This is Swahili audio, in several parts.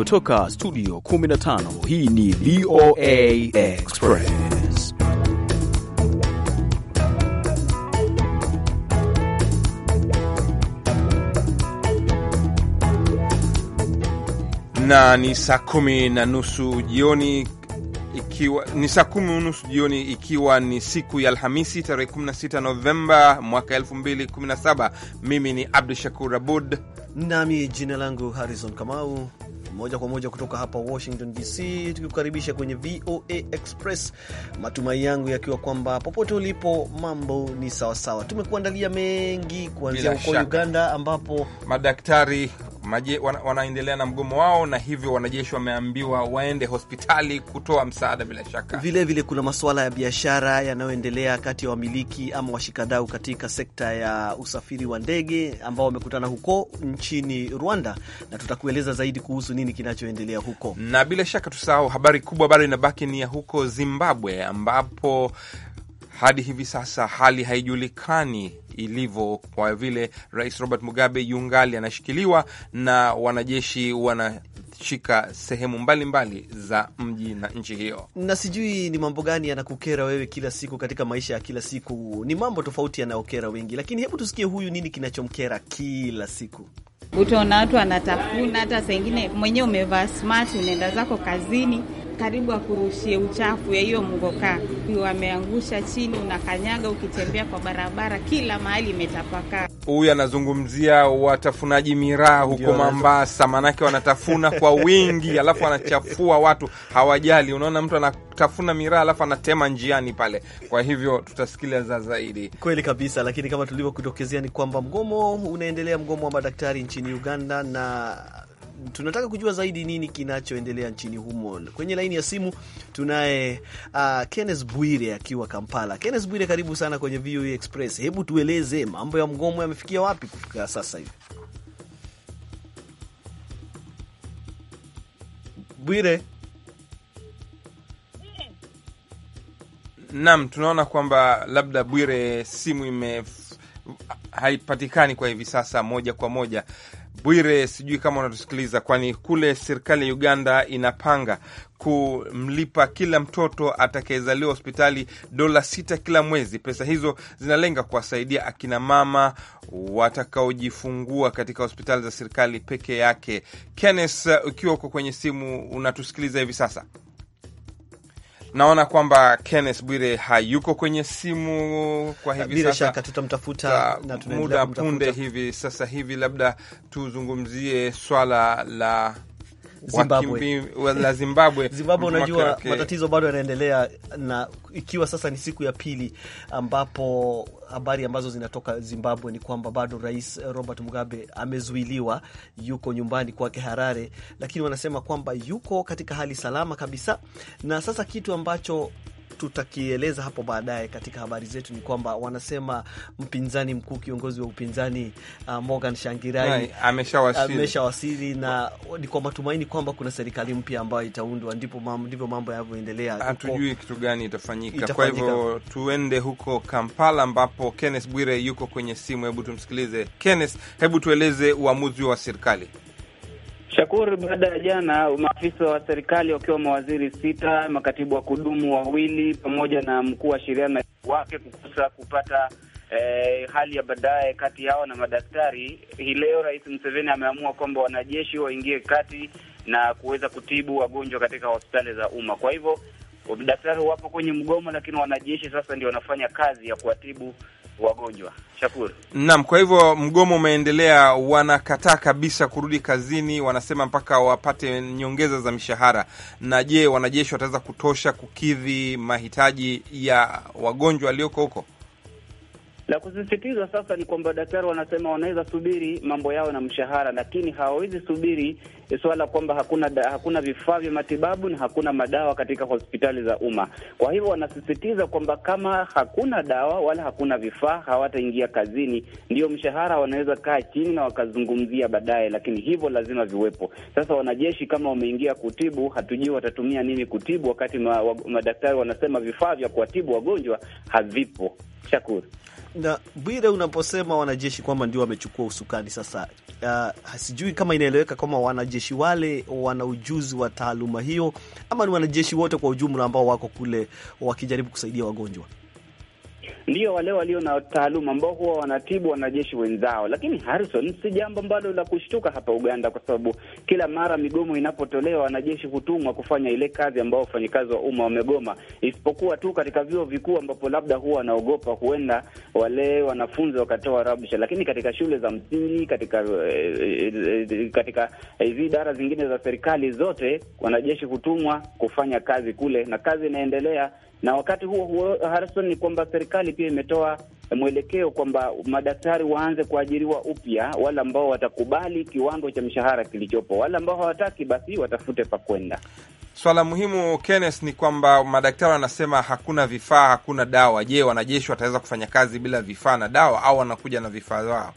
Kutoka studio 15 hii ni VOA Express. Na ni saa kumi na nusu jioni ikiwa ni saa kumi unusu jioni ikiwa ni siku ya Alhamisi tarehe 16 Novemba mwaka 2017. Mimi ni Abdu Shakur Abud nami jina langu Harrison Kamau moja kwa moja kutoka hapa Washington DC, tukikukaribisha kwenye VOA Express, matumai yangu yakiwa kwamba popote ulipo mambo ni sawasawa. Tumekuandalia mengi kuanzia huko Uganda ambapo madaktari maje, wanaendelea na mgomo wao na hivyo wanajeshi wameambiwa waende hospitali kutoa msaada. Bila shaka vilevile vile kuna masuala ya biashara yanayoendelea kati ya wamiliki ama washikadau katika sekta ya usafiri wa ndege ambao wamekutana huko nchini Rwanda, na tutakueleza zaidi kuhusu nini kinachoendelea huko, na bila shaka tusahau habari kubwa bado inabaki ni ya huko Zimbabwe ambapo hadi hivi sasa hali haijulikani ilivyo, kwa vile Rais Robert Mugabe yungali anashikiliwa na wanajeshi wana shika sehemu mbalimbali mbali za mji na nchi hiyo. Na sijui ni mambo gani yanakukera wewe kila siku katika maisha ya kila siku. Ni mambo tofauti yanayokera wengi, lakini hebu tusikie huyu nini kinachomkera kila siku. Utaona watu anatafuna, hata saa ingine mwenyewe umevaa smart, unaenda zako kazini karibu akurushie uchafu ya hiyo mgokaa, wameangusha chini, unakanyaga ukitembea kwa barabara, kila mahali imetapakaa. Huyu anazungumzia watafunaji miraa huko Mombasa, manake wanatafuna kwa wingi alafu wanachafua watu, hawajali. Unaona, mtu anatafuna miraa alafu anatema njiani pale. Kwa hivyo tutasikiliza zaidi. Kweli kabisa, lakini kama tulivyokutokezea ni kwamba mgomo unaendelea, mgomo wa madaktari nchini Uganda na tunataka kujua zaidi nini kinachoendelea nchini humo. Kwenye laini ya simu tunaye uh, Kenneth Bwire akiwa Kampala. Kenneth Bwire, karibu sana kwenye VOA e Express. Hebu tueleze mambo ya mgomo yamefikia wapi kufika sasa hivi? Bwire. Naam, tunaona kwamba labda Bwire simu ime haipatikani kwa hivi sasa moja kwa moja, Bwire, sijui kama unatusikiliza, kwani kule serikali ya Uganda inapanga kumlipa kila mtoto atakayezaliwa hospitali dola sita kila mwezi. Pesa hizo zinalenga kuwasaidia akina mama watakaojifungua katika hospitali za serikali peke yake. Kenneth, ukiwa uko kwenye simu unatusikiliza hivi sasa? Naona kwamba Kenneth Bwire hayuko kwenye simu kwa hivi bila sasa, shaka tutamtafuta na muda punde hivi sasa hivi, labda tuzungumzie swala la Zimbabwe, la Zimbabwe. Zimbabwe, unajua matatizo bado yanaendelea, na ikiwa sasa ni siku ya pili ambapo habari ambazo zinatoka Zimbabwe ni kwamba bado Rais Robert Mugabe amezuiliwa, yuko nyumbani kwake Harare, lakini wanasema kwamba yuko katika hali salama kabisa, na sasa kitu ambacho tutakieleza hapo baadaye katika habari zetu, ni kwamba wanasema mpinzani mkuu, kiongozi wa upinzani uh, Morgan Shangirai ameshawasili, na ni kwa matumaini kwamba kuna serikali mpya ambayo itaundwa. Ndipo mambo, ndivyo mambo yanavyoendelea, ah, hatujui kitu gani itafanyika, itafanyika. Kwa hivyo tuende huko Kampala ambapo Kenneth Bwire yuko kwenye simu. Hebu tumsikilize Kenneth, hebu tueleze uamuzi wa serikali. Shakuru, baada ya jana, maafisa wa serikali wakiwa mawaziri sita, makatibu wa kudumu wawili, pamoja na mkuu wa sheria na wake kukosa kupata eh, hali ya baadaye kati yao na madaktari. Hii leo Rais Museveni ameamua kwamba wanajeshi waingie kati na kuweza kutibu wagonjwa katika hospitali za umma. Kwa hivyo daktari wapo kwenye mgomo, lakini wanajeshi sasa ndio wanafanya kazi ya kuwatibu wagonjwa. shakur Naam, kwa hivyo mgomo umeendelea, wanakataa kabisa kurudi kazini, wanasema mpaka wapate nyongeza za mishahara. Na je, wanajeshi wataweza kutosha kukidhi mahitaji ya wagonjwa walioko huko? La kusisitiza sasa ni kwamba daktari wanasema wanaweza subiri mambo yao na mshahara, lakini hawawezi subiri swala kwamba hakuna da, hakuna vifaa vya matibabu na hakuna madawa katika hospitali za umma. Kwa hivyo wanasisitiza kwamba kama hakuna dawa wala hakuna vifaa hawataingia kazini. ndio mshahara wanaweza kaa chini na wakazungumzia baadaye, lakini hivyo lazima viwepo. Sasa wanajeshi kama wameingia kutibu, hatujui watatumia nini kutibu, wakati madaktari ma wanasema vifaa vya kuwatibu wagonjwa havipo shakur na Bwire, unaposema wanajeshi kwamba ndio wamechukua usukani sasa, uh, sijui kama inaeleweka kwamba wanajeshi wale wana ujuzi wa taaluma hiyo ama ni wanajeshi wote kwa ujumla ambao wako kule wakijaribu kusaidia wagonjwa? ndio wale walio na taaluma ambao huwa wanatibu wanajeshi wenzao. Lakini Harrison, si jambo ambalo la kushtuka hapa Uganda, kwa sababu kila mara migomo inapotolewa wanajeshi hutumwa kufanya ile kazi ambao wafanyikazi wa umma wamegoma, isipokuwa tu katika vyuo vikuu ambapo labda huwa wanaogopa huenda wale wanafunzi wakatoa rabsha. Lakini katika shule za msingi, katika eh, eh, eh, katika hizi idara zingine za serikali zote, wanajeshi hutumwa kufanya kazi kule, na kazi inaendelea na wakati huo huo, Harrison, ni kwamba serikali pia imetoa mwelekeo kwamba madaktari waanze kuajiriwa upya, wale ambao watakubali kiwango cha mshahara kilichopo, wale ambao hawataki basi watafute pa kwenda. Swala muhimu Kenneth, ni kwamba madaktari wanasema hakuna vifaa, hakuna dawa. Je, wanajeshi wataweza kufanya kazi bila vifaa na dawa, au wanakuja na vifaa wao?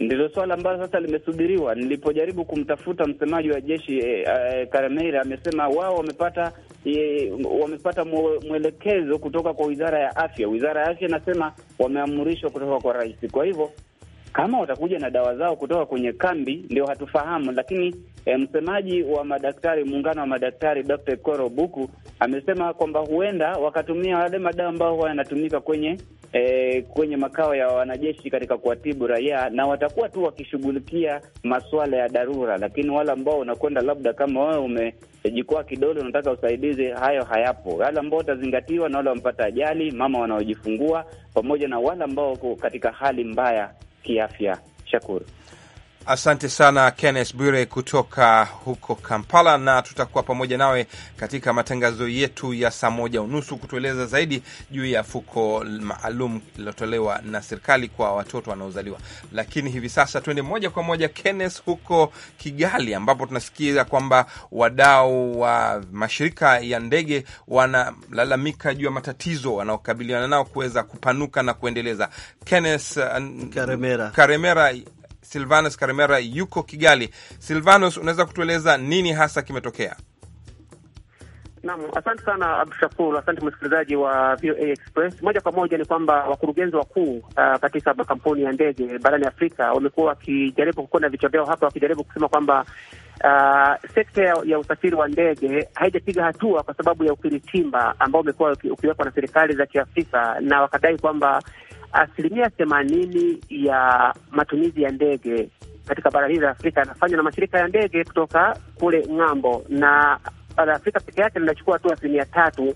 Ndilo swala ambalo sasa limesubiriwa. Nilipojaribu kumtafuta msemaji wa jeshi eh, eh, Karameira amesema wao wamepata e, wamepata mwelekezo kutoka kwa wizara ya afya. Wizara ya afya inasema wameamrishwa kutoka kwa rais, kwa hivyo kama watakuja na dawa zao kutoka kwenye kambi, ndio hatufahamu, lakini e, msemaji wa madaktari, muungano wa madaktari, Dr. Koro Buku amesema kwamba huenda wakatumia wale madawa ambao huwa yanatumika kwenye e, kwenye makao ya wanajeshi katika kuwatibu raia, na watakuwa tu wakishughulikia masuala ya dharura, lakini wale ambao unakwenda labda kama wewe ume jikwaa kidole unataka usaidizi, hayo hayapo. Wale ambao watazingatiwa na wale wamepata ajali, mama wanaojifungua, pamoja na wale ambao wako katika hali mbaya kiafya. Shakuru. Asante sana Kenneth Bwire kutoka huko Kampala, na tutakuwa pamoja nawe katika matangazo yetu ya saa moja unusu kutueleza zaidi juu ya fuko maalum lililotolewa na serikali kwa watoto wanaozaliwa. Lakini hivi sasa tuende moja kwa moja Kenneth, huko Kigali, ambapo tunasikia kwamba wadau wa mashirika ya ndege wanalalamika juu ya matatizo wanaokabiliana nao kuweza kupanuka na kuendeleza. Kenneth uh, Karemera, Karemera Silvanus Karimera yuko Kigali. Silvanus, unaweza kutueleza nini hasa kimetokea? Naam, asante sana abdu shakur asante msikilizaji wa VOA Express. Moja kwa moja ni kwamba wakurugenzi wakuu uh, katika makampuni ya ndege barani Afrika wamekuwa wakijaribu kukona vichwa vyao hapa, wakijaribu kusema kwamba uh, sekta ya, ya usafiri wa ndege haijapiga hatua kwa sababu ya ukiritimba ambao umekuwa ukiwekwa na serikali za Kiafrika, na wakadai kwamba asilimia themanini ya matumizi ya ndege katika bara hili la Afrika yanafanywa na mashirika ya ndege kutoka kule ng'ambo, na bara la Afrika peke yake linachukua tu asilimia tatu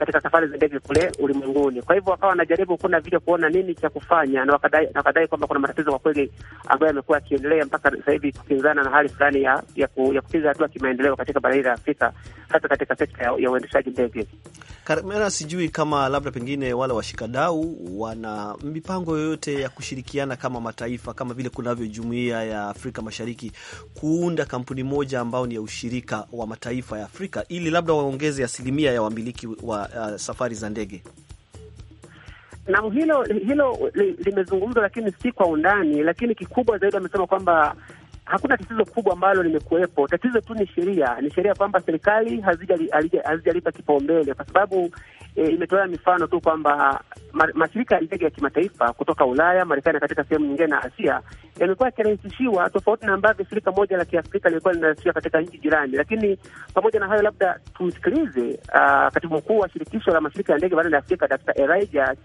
katika safari za ndege kule ulimwenguni. Kwa hivyo wakawa wanajaribu kuna vile kuona nini cha kufanya, na wakadai, wakadai kwamba kuna matatizo kwa kweli ambayo yamekuwa yakiendelea mpaka sasa hivi kukinzana na hali fulani ya, ya, ku, ya kupiga hatua kimaendeleo katika bara hili la Afrika, hasa katika sekta ya, ya uendeshaji ndege. Karmera, sijui kama labda pengine wale washikadau wana mipango yoyote ya kushirikiana kama mataifa kama vile kunavyo jumuiya ya Afrika Mashariki kuunda kampuni moja ambao ni ya ushirika wa mataifa ya Afrika ili labda waongeze asilimia ya wamiliki wa uh, safari za ndege? Naam, hilo hilo limezungumzwa, lakini si kwa undani, lakini kikubwa zaidi amesema kwamba hakuna tatizo kubwa ambalo limekuwepo. Tatizo tu ni sheria, ni sheria kwamba serikali hazijalipa kipaumbele, kwa sababu e, imetolea mifano tu kwamba mashirika ya ndege ya kimataifa kutoka Ulaya, Marekani na katika sehemu nyingine na Asia yamekuwa yakirahisishiwa, tofauti na ambavyo shirika moja la kiafrika lilikuwa linarahisishiwa katika nchi jirani. Lakini pamoja na hayo, labda tumsikilize uh, katibu mkuu wa shirikisho la mashirika ya ndege barani Afrika Dkt. Elijah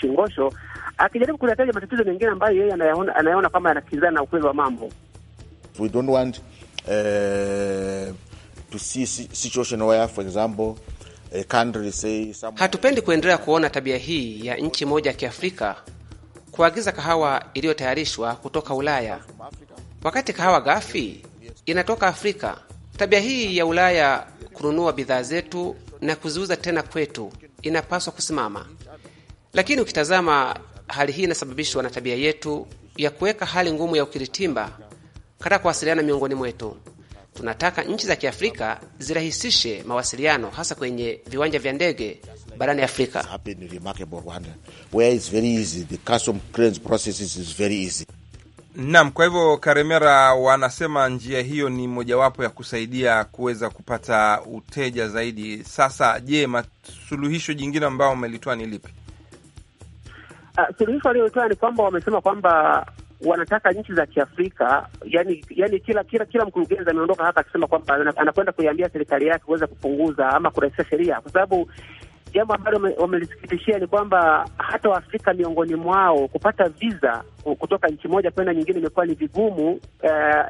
Shingosho akijaribu kuyataja matatizo mengine ambayo yeye anayaona, anayaona kama yanakinzana na ukweli wa mambo. We don't want uh, to see situation where for example Hatupendi kuendelea kuona tabia hii ya nchi moja ya Kiafrika kuagiza kahawa iliyotayarishwa kutoka Ulaya wakati kahawa ghafi inatoka Afrika. Tabia hii ya Ulaya kununua bidhaa zetu na kuziuza tena kwetu inapaswa kusimama, lakini ukitazama hali hii inasababishwa na tabia yetu ya kuweka hali ngumu ya ukiritimba katika kuwasiliana miongoni mwetu. Tunataka nchi za Kiafrika zirahisishe mawasiliano hasa kwenye viwanja vya ndege barani Afrika. Naam, kwa hivyo Karemera wanasema njia hiyo ni mojawapo ya kusaidia kuweza kupata uteja zaidi. Sasa je, masuluhisho jingine ambayo wamelitoa ni lipi? Uh, suluhisho aliyotoa ni kwamba wamesema kwamba wanataka nchi za Kiafrika, yani yani kila kila kila mkurugenzi ameondoka hapa akisema kwamba anakwenda kuiambia serikali yake kuweza kupunguza ama kurahisisha sheria, kwa sababu jambo ambalo wamelisikitishia ni kwamba hata Waafrika miongoni mwao kupata visa kutoka nchi moja kwenda nyingine imekuwa ni vigumu uh,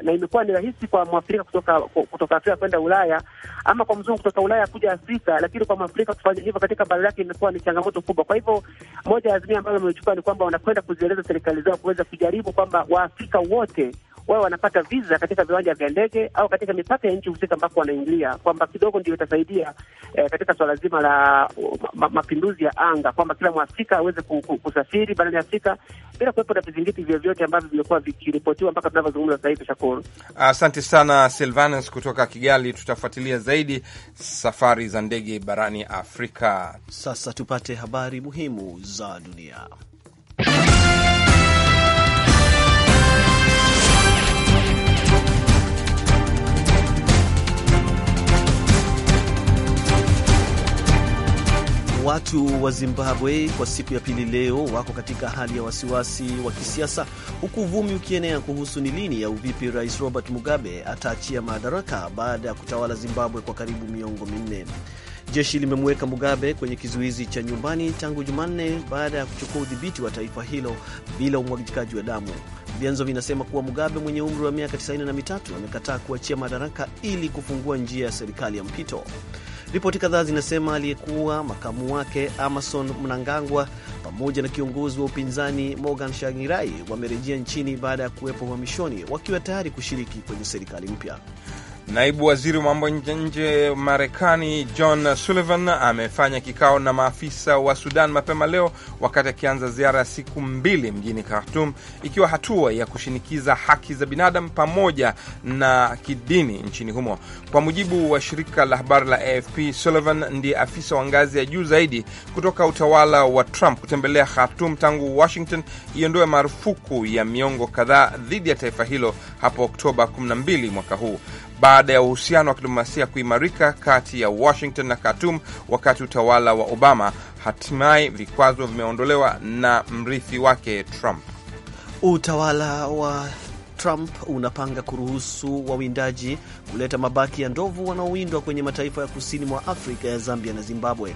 na imekuwa ni rahisi kwa Mwafrika kutoka kutoka Afrika kwenda Ulaya ama kwa mzungu kutoka Ulaya kuja Afrika, lakini kwa Mwafrika kufanya hivyo katika bara lake imekuwa ni changamoto kubwa. Kwa hivyo moja ya azimia ambayo wamechukua ni kwamba wanakwenda kuzieleza serikali zao kuweza kujaribu kwamba Waafrika wote wao wanapata visa katika viwanja vya ndege au katika mipaka ya nchi husika ambako wanaingilia, kwamba kidogo ndio itasaidia eh, katika swala zima la mapinduzi ya anga, kwamba kila mwafrika aweze kusafiri barani Afrika bila kuwepo na vizingiti vyovyote ambavyo vimekuwa vikiripotiwa mpaka tunavyozungumza sasa hivi. Shakuru, asante uh, sana Silvanus kutoka Kigali. Tutafuatilia zaidi safari za ndege barani Afrika. Sasa tupate habari muhimu za dunia. Watu wa Zimbabwe kwa siku ya pili leo wako katika hali ya wasiwasi wa kisiasa, huku uvumi ukienea kuhusu ni lini au vipi Rais Robert Mugabe ataachia madaraka baada ya kutawala Zimbabwe kwa karibu miongo minne. Jeshi limemweka Mugabe kwenye kizuizi cha nyumbani tangu Jumanne baada ya kuchukua udhibiti wa taifa hilo bila umwagikaji wa damu. Vyanzo vinasema kuwa Mugabe mwenye umri wa miaka 93 amekataa kuachia madaraka ili kufungua njia ya serikali ya mpito. Ripoti kadhaa zinasema aliyekuwa makamu wake Amason Mnangagwa pamoja na kiongozi wa upinzani Morgan Shangirai wamerejea nchini baada ya kuwepo uhamishoni wakiwa tayari kushiriki kwenye serikali mpya. Naibu waziri wa mambo nje Marekani John Sullivan amefanya kikao na maafisa wa Sudan mapema leo wakati akianza ziara ya siku mbili mjini Khartum, ikiwa hatua ya kushinikiza haki za binadamu pamoja na kidini nchini humo. Kwa mujibu wa shirika la habari la AFP, Sullivan ndiye afisa wa ngazi ya juu zaidi kutoka utawala wa Trump kutembelea Khartum tangu Washington iondoe marufuku ya miongo kadhaa dhidi ya taifa hilo hapo Oktoba 12 mwaka huu baada ya uhusiano wa kidiplomasia kuimarika kati ya Washington na Khartoum wakati utawala wa Obama. Hatimaye vikwazo vimeondolewa na mrithi wake Trump. Utawala wa Trump unapanga kuruhusu wawindaji kuleta mabaki ya ndovu wanaowindwa kwenye mataifa ya kusini mwa Afrika ya Zambia na Zimbabwe.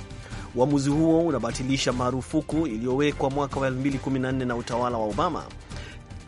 Uamuzi huo unabatilisha marufuku iliyowekwa mwaka wa 2014 na utawala wa Obama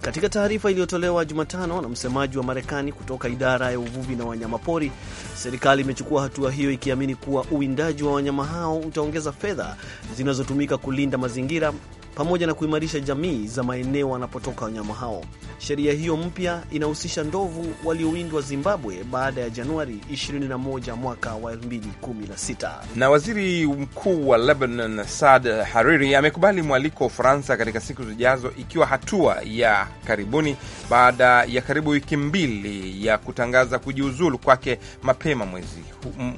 katika taarifa iliyotolewa Jumatano na msemaji wa Marekani kutoka idara ya uvuvi na wanyamapori, serikali imechukua hatua hiyo ikiamini kuwa uwindaji wa wanyama hao utaongeza fedha zinazotumika kulinda mazingira pamoja na kuimarisha jamii za maeneo wanapotoka wanyama hao. Sheria hiyo mpya inahusisha ndovu waliowindwa Zimbabwe baada ya Januari 21 mwaka wa 2016. Na waziri mkuu wa Lebanon Saad Hariri amekubali mwaliko wa Ufaransa katika siku zijazo, ikiwa hatua ya karibuni baada ya karibu wiki mbili ya kutangaza kujiuzulu kwake mapema mwezi,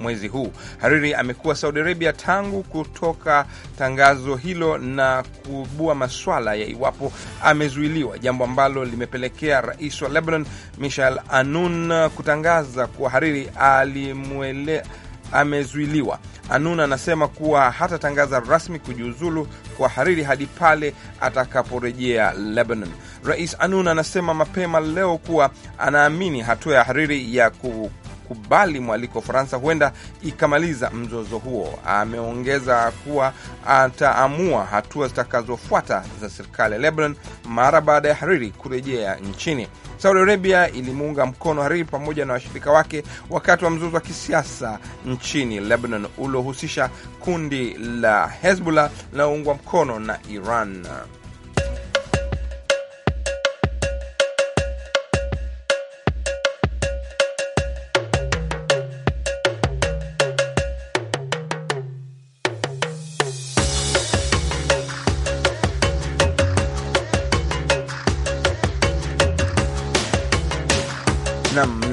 mwezi huu. Hariri amekuwa Saudi Arabia tangu kutoka tangazo hilo na ku kuibua maswala ya iwapo amezuiliwa, jambo ambalo limepelekea rais wa Lebanon Michel Anun kutangaza kuwa hariri alimwele amezuiliwa. Anun anasema kuwa hatatangaza rasmi kujiuzulu kwa Hariri hadi pale atakaporejea Lebanon. Rais Anun anasema mapema leo kuwa anaamini hatua ya Hariri ya ku kukubali mwaliko Ufaransa huenda ikamaliza mzozo huo. Ameongeza kuwa ataamua hatua zitakazofuata za serikali ya Lebanon mara baada ya Hariri kurejea nchini. Saudi Arabia ilimuunga mkono Hariri pamoja na washirika wake wakati wa mzozo wa kisiasa nchini Lebanon uliohusisha kundi la Hezbollah linaloungwa mkono na Iran.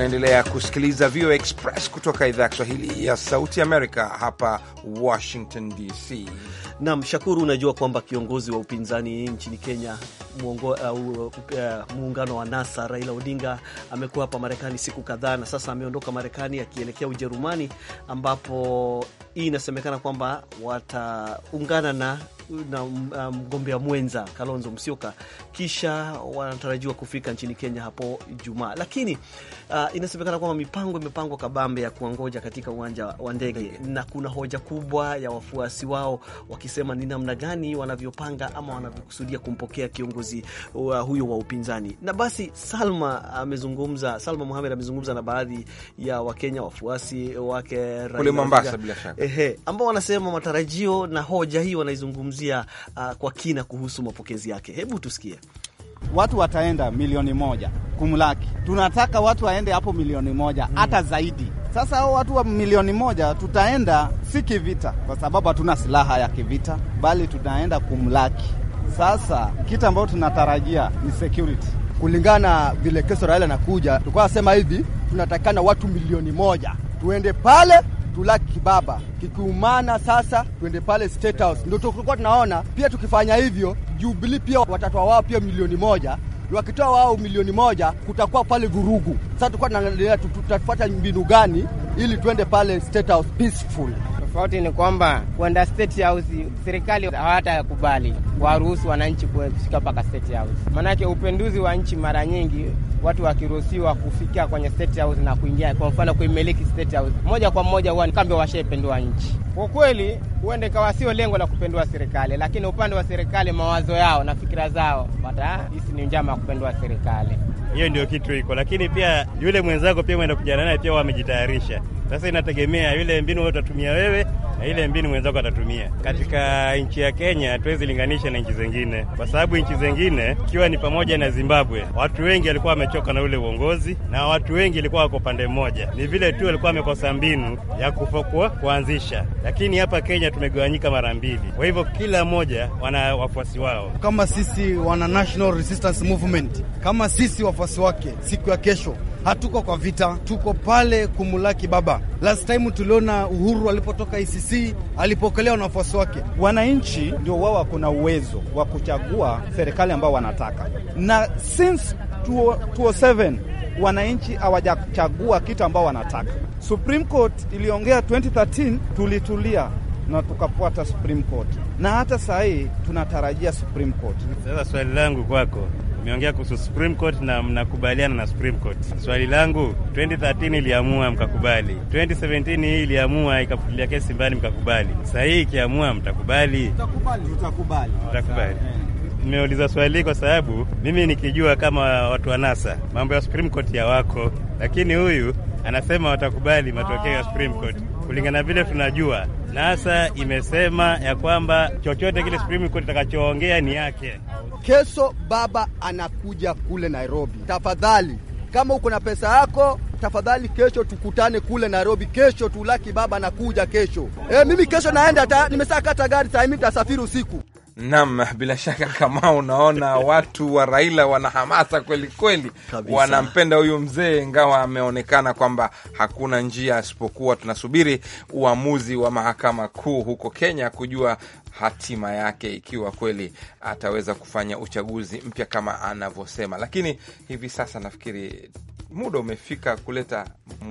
Unaendelea kusikiliza VOA Express kutoka idhaa ya Kiswahili ya Sauti Amerika hapa Washington DC. Nam Shakuru, unajua kwamba kiongozi wa upinzani nchini Kenya uh, uh, uh, muungano wa NASA Raila Odinga amekuwa hapa Marekani siku kadhaa na sasa ameondoka Marekani akielekea Ujerumani ambapo hii inasemekana kwamba wataungana na na uh, mgombea um, mwenza Kalonzo Musyoka, kisha wanatarajiwa kufika nchini Kenya hapo Ijumaa. Lakini uh, inasemekana kwamba mipango imepangwa kabambe ya kuwangoja katika uwanja wa ndege, na kuna hoja kubwa ya wafuasi wao wakisema ni namna gani wanavyopanga ama wanavyokusudia kumpokea kiongozi uh, huyo wa upinzani. Na basi Salma amezungumza, Salma Muhamed amezungumza na baadhi ya Wakenya wafuasi wake kule Mombasa, bila shaka, ehe, ambao wanasema matarajio na hoja hii wanaizungumzia kuzungumzia uh, kwa kina kuhusu mapokezi yake. Hebu tusikie. Watu wataenda milioni moja kumlaki, tunataka watu waende hapo milioni moja hmm. hata hmm, zaidi. Sasa hao watu wa milioni moja tutaenda si kivita, kwa sababu hatuna silaha ya kivita, bali tunaenda kumlaki. Sasa kitu ambayo tunatarajia ni security kulingana vile kesho Raila anakuja, tukawa sema hivi, tunatakikana watu milioni moja tuende pale tulaki kibaba kikiumana. Sasa twende pale State House, ndio tulikuwa tunaona pia. Tukifanya hivyo, Jubilee pia watatoa wao pia milioni moja wakitoa wao milioni moja kutakuwa pale vurugu. Sasa tulikuwa tunaangalia tutafuata mbinu gani ili tuende pale State House peaceful. Tofauti ni kwamba kwenda State House serikali hawatakubali waruhusu wananchi kufika mpaka State House, maanake upenduzi wa nchi mara nyingi watu wakiruhusiwa kufikia kwenye state house na kuingia, kwa mfano kuimiliki state house moja kwa moja, huwa kambi washaipendua nchi. Kwa kweli, huenda ikawa sio lengo la kupendua serikali, lakini upande wa serikali, mawazo yao na fikira zao, bata hisi ni njama ya kupendua serikali. Hiyo ndio kitu iko, lakini pia yule mwenzako pia mwenda kujana naye pia wamejitayarisha sasa inategemea ile mbinu utatumia wewe na ile mbinu mwenzako atatumia. Katika nchi ya Kenya hatuwezi linganisha na nchi zingine, kwa sababu nchi zingine ikiwa ni pamoja na Zimbabwe, watu wengi walikuwa wamechoka na ule uongozi na watu wengi walikuwa wako pande mmoja, ni vile tu walikuwa wamekosa mbinu ya kufokua kuanzisha. Lakini hapa Kenya tumegawanyika mara mbili, kwa hivyo kila mmoja wana wafuasi wao. Kama sisi wana National Resistance Movement, kama sisi wafuasi wake, siku ya kesho hatuko kwa vita, tuko pale kumulaki baba. Last time tuliona Uhuru alipotoka ICC alipokelewa na wafuasi wake. Wananchi ndio wao wako na uwezo wa kuchagua serikali ambao wanataka, na since 2007 wananchi hawajachagua kitu ambao wanataka. Supreme Court iliongea 2013, tulitulia na tukafuata Supreme Court, na hata saa hii tunatarajia Supreme Court. Sasa swali langu kwako Mmeongea kuhusu Supreme Court na mnakubaliana na Supreme Court. Swali langu 2013 iliamua mkakubali, 2017 hii iliamua ikafutilia kesi mbali mkakubali, sasa hii ikiamua mtakubali? Tutakubali, tutakubali, tutakubali. Nimeuliza eh. swali kwa sababu mimi nikijua kama watu wa NASA mambo ya Supreme Court ya wako, lakini huyu anasema watakubali matokeo ya Supreme Court kulingana vile tunajua. NASA imesema ya kwamba chochote kile Supreme Court itakachoongea ni yake. Kesho baba anakuja kule Nairobi. Tafadhali, kama uko na pesa yako, tafadhali kesho tukutane kule Nairobi. Kesho tulaki, baba anakuja kesho. E, mimi kesho naenda, nimesaa kata gari saa hii, tasafiri usiku nam bila shaka kama unaona watu wa Raila wana hamasa kweli kweli, wanampenda huyu mzee, ingawa ameonekana kwamba hakuna njia asipokuwa, tunasubiri uamuzi wa mahakama kuu huko Kenya kujua hatima yake, ikiwa kweli ataweza kufanya uchaguzi mpya kama anavyosema. Lakini hivi sasa nafikiri muda umefika kuleta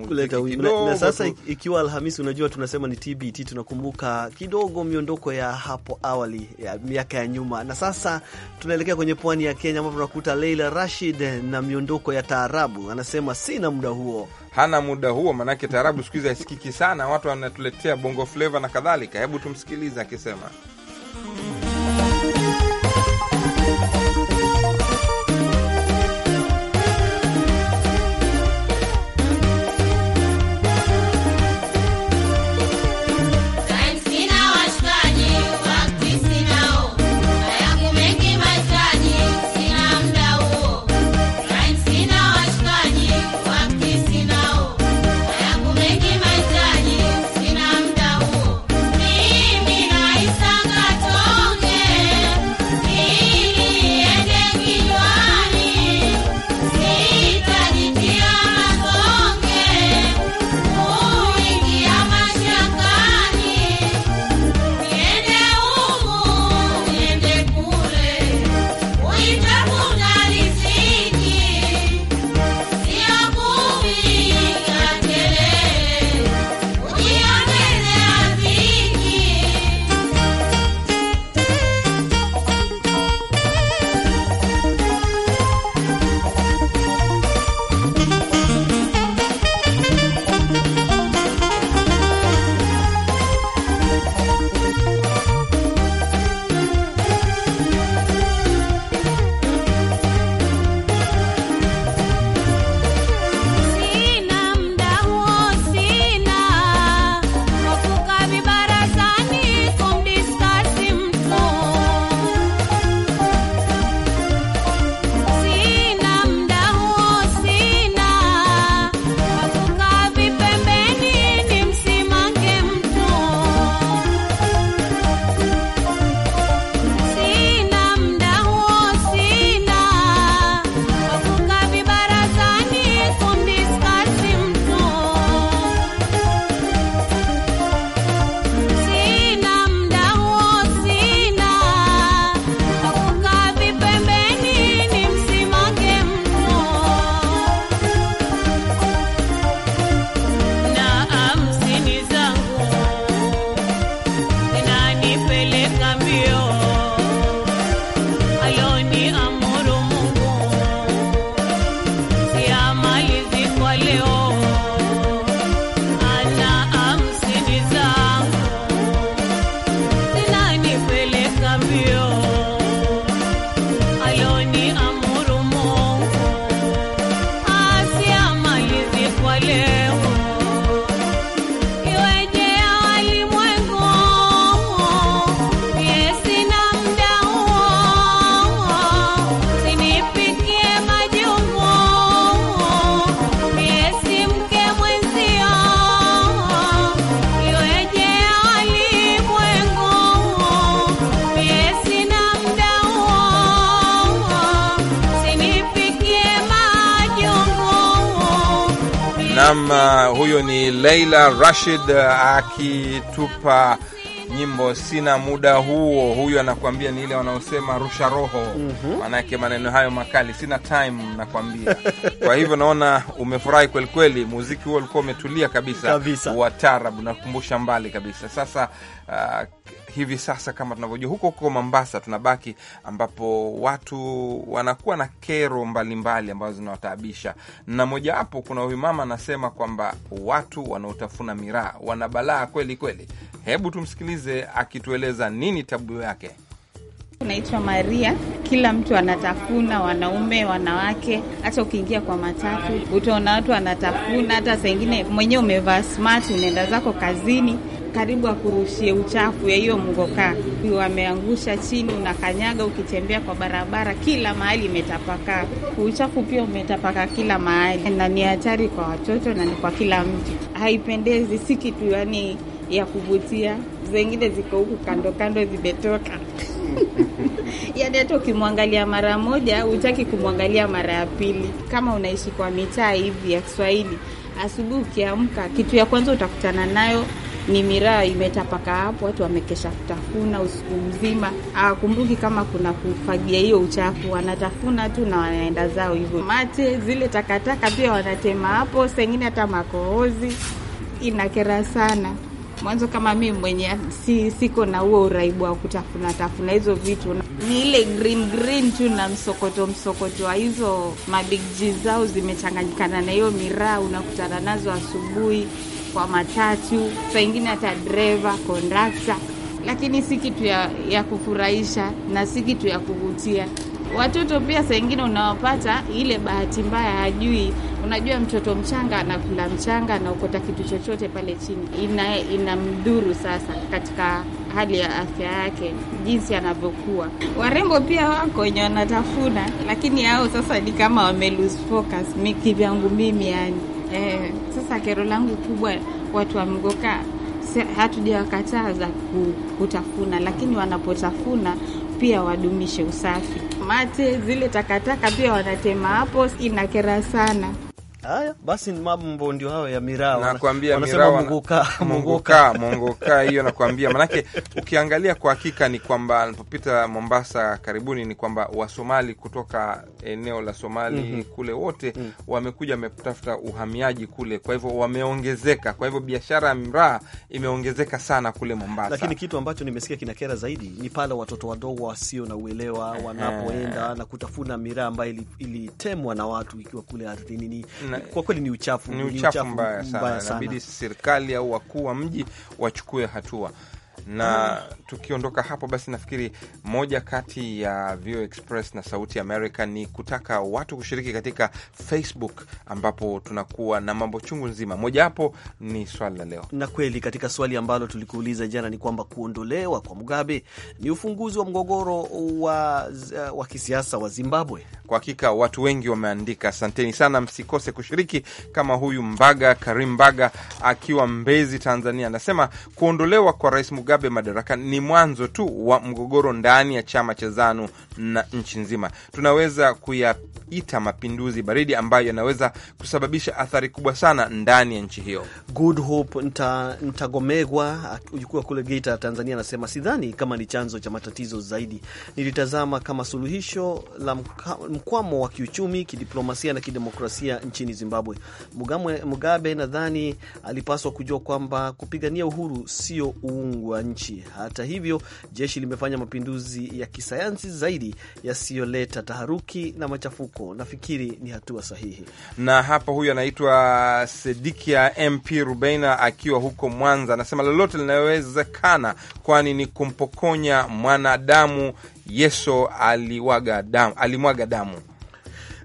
kuleta na, na sasa ikiwa Alhamisi, unajua tunasema ni TBT, tunakumbuka kidogo miondoko ya hapo awali ya miaka ya nyuma, na sasa tunaelekea kwenye pwani ya Kenya ambapo tunakuta Leila Rashid na miondoko ya taarabu. Anasema sina muda huo, hana muda huo, maanake taarabu siku hizi haisikiki sana, watu wanatuletea bongo fleva na kadhalika. Hebu tumsikilize akisema Naam, uh, huyo ni Leila Rashid uh, akitupa nyimbo sina muda huo. Huyu anakuambia ni ile wanaosema rusha roho, mhm. maanake mm -hmm. maneno hayo makali, sina time nakwambia. Kwa hivyo naona umefurahi kwelikweli, muziki huo ulikuwa umetulia kabisa, kabisa. wa tarab mbali kabisa sasa uh, hivi sasa kama tunavyojua, huko huko Mombasa tunabaki, ambapo watu wanakuwa na kero mbalimbali ambazo zinawataabisha, na mojawapo kuna huyu mama anasema kwamba watu wanaotafuna miraa wana balaa kweli kweli. Hebu tumsikilize akitueleza nini tabu yake. Unaitwa Maria. Kila mtu anatafuna, wanaume, wanawake. Hata ukiingia kwa matatu utaona watu wanatafuna, hata saa ingine mwenyewe umevaa smart, unaenda zako kazini karibu akurushie uchafu ya hiyo mgokaa, wameangusha chini, unakanyaga ukitembea kwa barabara, kila mahali imetapakaa uchafu, pia umetapaka kila mahali, na ni hatari kwa watoto na ni kwa kila mtu. Haipendezi, si kitu yani ya kuvutia. Zengine ziko huku kando kando zimetoka yaani hata ukimwangalia mara moja hutaki kumwangalia mara ya pili. Kama unaishi kwa mitaa hivi ya Kiswahili, asubuhi ukiamka, kitu ya kwanza utakutana nayo ni miraa imetapaka hapo, watu wamekesha kutafuna usiku mzima, hawakumbuki ah, kama kuna kufagia hiyo uchafu, wanatafuna tu na wanaenda zao hivyo. Mate zile takataka pia wanatema hapo, sengine hata makohozi. Inakera sana. Mwanzo kama mi mwenye si, siko na huo uraibu wa kutafuna tafuna hizo vitu, ni ile green green tu na msokoto msokoto wa hizo mabigji zao zimechanganyikana na hiyo miraa, unakutana nazo asubuhi kwa matatu, pengine hata dreva, kondakta, lakini si kitu ya, ya kufurahisha na si kitu ya kuvutia. Watoto pia saa ingine unawapata ile bahati mbaya, hajui. Unajua, mtoto mchanga anakula mchanga, anaokota kitu chochote pale chini, ina inamdhuru sasa katika hali ya afya yake, jinsi anavyokuwa. Warembo pia wako wenye wanatafuna, lakini hao sasa ni kama wame lose focus. Mikivyangu mimi yani Eh, sasa kero langu kubwa watu wa mgoka hatujawakataza kutafuna, lakini wanapotafuna pia wadumishe usafi. Mate zile takataka pia wanatema hapo, inakera sana. Haya basi, mambo ndio hayo ya miraa. Nakwambia miraa munguka munguka munguka, hiyo nakwambia. Manake ukiangalia kwa hakika ni kwamba alipopita Mombasa karibuni, ni kwamba Wasomali kutoka eneo la Somali mm -hmm. kule wote mm -hmm. wamekuja wametafuta uhamiaji kule, kwa hivyo wameongezeka, kwa hivyo biashara ya miraa imeongezeka sana kule Mombasa. Lakini kitu ambacho nimesikia kinakera zaidi ni pale watoto wadogo wasio na uelewa wanapoenda na kutafuna miraa ambayo ilitemwa ili na watu ikiwa kule ardhini Yaani, kwa kweli ni uchafu, ni uchafu mbaya sana. Inabidi serikali au wakuu wa mji wachukue hatua na tukiondoka hapo, basi nafikiri moja kati ya Vio Express na Sauti America ni kutaka watu kushiriki katika Facebook ambapo tunakuwa na mambo chungu nzima, mojawapo ni swali la leo. Na kweli katika swali ambalo tulikuuliza jana ni kwamba kuondolewa kwa Mugabe ni ufunguzi wa mgogoro wa, eh, wa kisiasa wa Zimbabwe. Kwa hakika watu wengi wameandika, asanteni sana, msikose kushiriki kama huyu Mbaga Karim Mbaga akiwa Mbezi, Tanzania, anasema kuondolewa kwa Rais Mugabe Mugabe madarakani ni mwanzo tu wa mgogoro ndani ya chama cha Zanu na nchi nzima. Tunaweza kuyaita mapinduzi baridi ambayo yanaweza kusababisha athari kubwa sana ndani ya nchi hiyo. Good Hope nta, Ntagomegwa ukiwa kule Geita, Tanzania, anasema sidhani kama ni chanzo cha matatizo zaidi, nilitazama kama suluhisho la mkwamo wa kiuchumi, kidiplomasia na kidemokrasia nchini Zimbabwe. Mugabe, Mugabe nadhani alipaswa kujua kwamba kupigania uhuru sio uungu wa nchi. Hata hivyo jeshi limefanya mapinduzi ya kisayansi zaidi yasiyoleta taharuki na machafuko, nafikiri ni hatua sahihi. Na hapa huyu anaitwa Sedikia MP Rubeina akiwa huko Mwanza, anasema lolote linawezekana, kwani ni kumpokonya mwanadamu. Yesu aliwaga damu, alimwaga damu.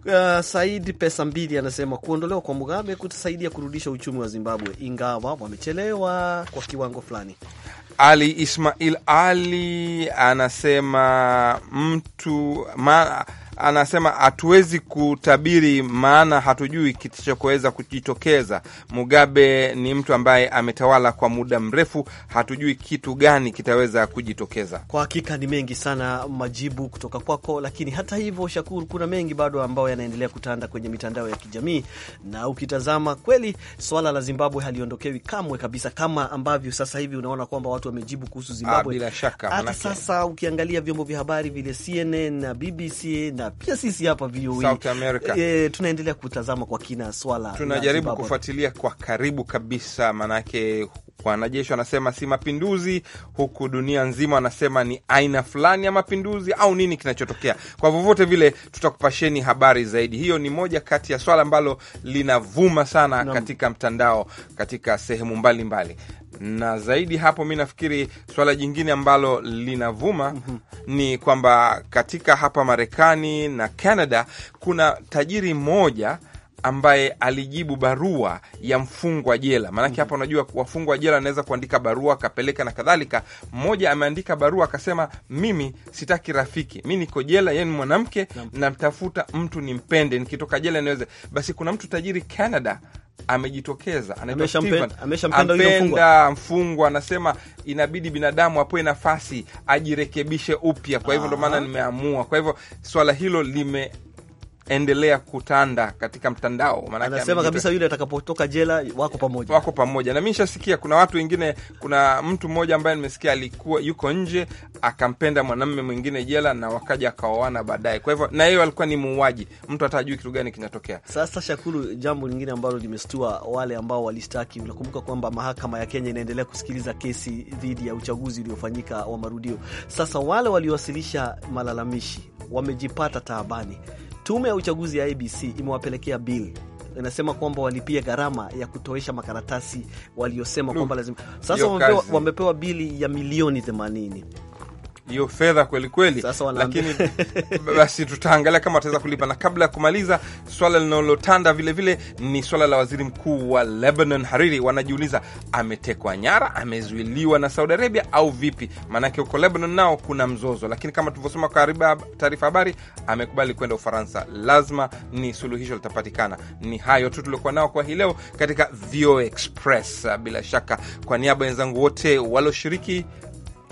Uh, Saidi pesa mbili anasema kuondolewa kwa Mugabe kutasaidia kurudisha uchumi wa Zimbabwe, ingawa wamechelewa kwa kiwango fulani. Ali Ismail Ali anasema mtu ma, anasema hatuwezi kutabiri, maana hatujui kitachoweza kujitokeza. Mugabe ni mtu ambaye ametawala kwa muda mrefu, hatujui kitu gani kitaweza kujitokeza. Kwa hakika ni mengi sana majibu kutoka kwako, lakini hata hivyo, Shakuru, kuna mengi bado ambayo yanaendelea kutanda kwenye mitandao ya kijamii, na ukitazama kweli, swala la Zimbabwe haliondokewi kamwe kabisa, kama ambavyo sasa hivi unaona kwamba watu wamejibu kuhusu ah, Zimbabwe. Bila shaka hata sasa ukiangalia vyombo vya habari vile CNN na BBC na na pia sisi hapa VOA e, South America e, tunaendelea kutazama kwa kina swala, tunajaribu kufuatilia kwa karibu kabisa, manake wanajeshi wanasema si mapinduzi, huku dunia nzima wanasema ni aina fulani ya mapinduzi au nini kinachotokea. Kwa vyovyote vile, tutakupasheni habari zaidi. Hiyo ni moja kati ya swala ambalo linavuma sana katika mtandao, katika sehemu mbalimbali mbali na zaidi hapo, mi nafikiri swala jingine ambalo linavuma mm -hmm. ni kwamba katika hapa Marekani na Canada kuna tajiri mmoja ambaye alijibu barua ya mfungwa jela. Maanake mhm. hapa unajua, wafungwa jela anaweza kuandika barua akapeleka na kadhalika. Mmoja ameandika barua akasema, mimi sitaki rafiki, mi niko jela, yeye ni mwanamke, namtafuta mtu nimpende, nikitoka jela niweze basi. Kuna mtu tajiri Canada amejitokeza anapenda mfungwa, anasema inabidi binadamu apoe nafasi ajirekebishe upya. Kwa hivyo ah. ndo maana nimeamua. Kwa hivyo swala hilo lime endelea kutanda katika mtandao, anasema kabisa yule atakapotoka jela wako pamoja, wako pamoja. Na mimi nishasikia kuna watu wengine, kuna mtu mmoja ambaye nimesikia alikuwa yuko nje akampenda mwanamume mwingine jela, na wakaja akaoana baadaye. Kwa hivyo na yeye alikuwa ni muuaji, mtu hatajui kitu gani kinatokea. Sasa Shakuru, jambo lingine ambalo limestua wale ambao walistaki, unakumbuka kwamba mahakama ya Kenya inaendelea kusikiliza kesi dhidi ya uchaguzi uliofanyika wa marudio. Sasa wale waliowasilisha malalamishi wamejipata taabani Tume ya uchaguzi ya ABC imewapelekea bill inasema kwamba walipia gharama ya kutoesha makaratasi waliosema kwamba lazima. Sasa wamepewa, wamepewa bili ya milioni themanini hiyo fedha kweli kweli, lakini basi tutaangalia kama wataweza kulipa. Na kabla ya kumaliza, swala linalotanda vilevile ni swala la waziri mkuu wa Lebanon Hariri. Wanajiuliza ametekwa nyara, amezuiliwa na Saudi Arabia au vipi? Maanake huko Lebanon nao kuna mzozo, lakini kama tulivyosema kwa taarifa habari, amekubali kwenda Ufaransa. Lazima ni suluhisho litapatikana. Ni hayo tu tuliokuwa nao kwa hii leo katika VOA Express. Bila shaka, kwa niaba ya wenzangu wote walioshiriki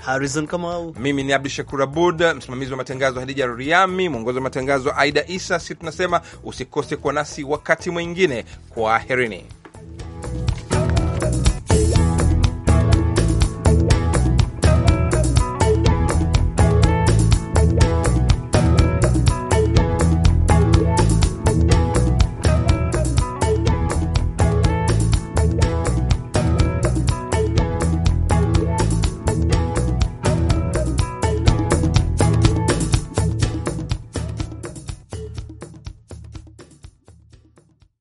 Harrison Kamau, mimi ni Abdu Shakur Abud, msimamizi wa matangazo Hadija Riami, mwongozi wa matangazo Aida Isa. Si tunasema usikose kuwa nasi wakati mwingine. kwa herini.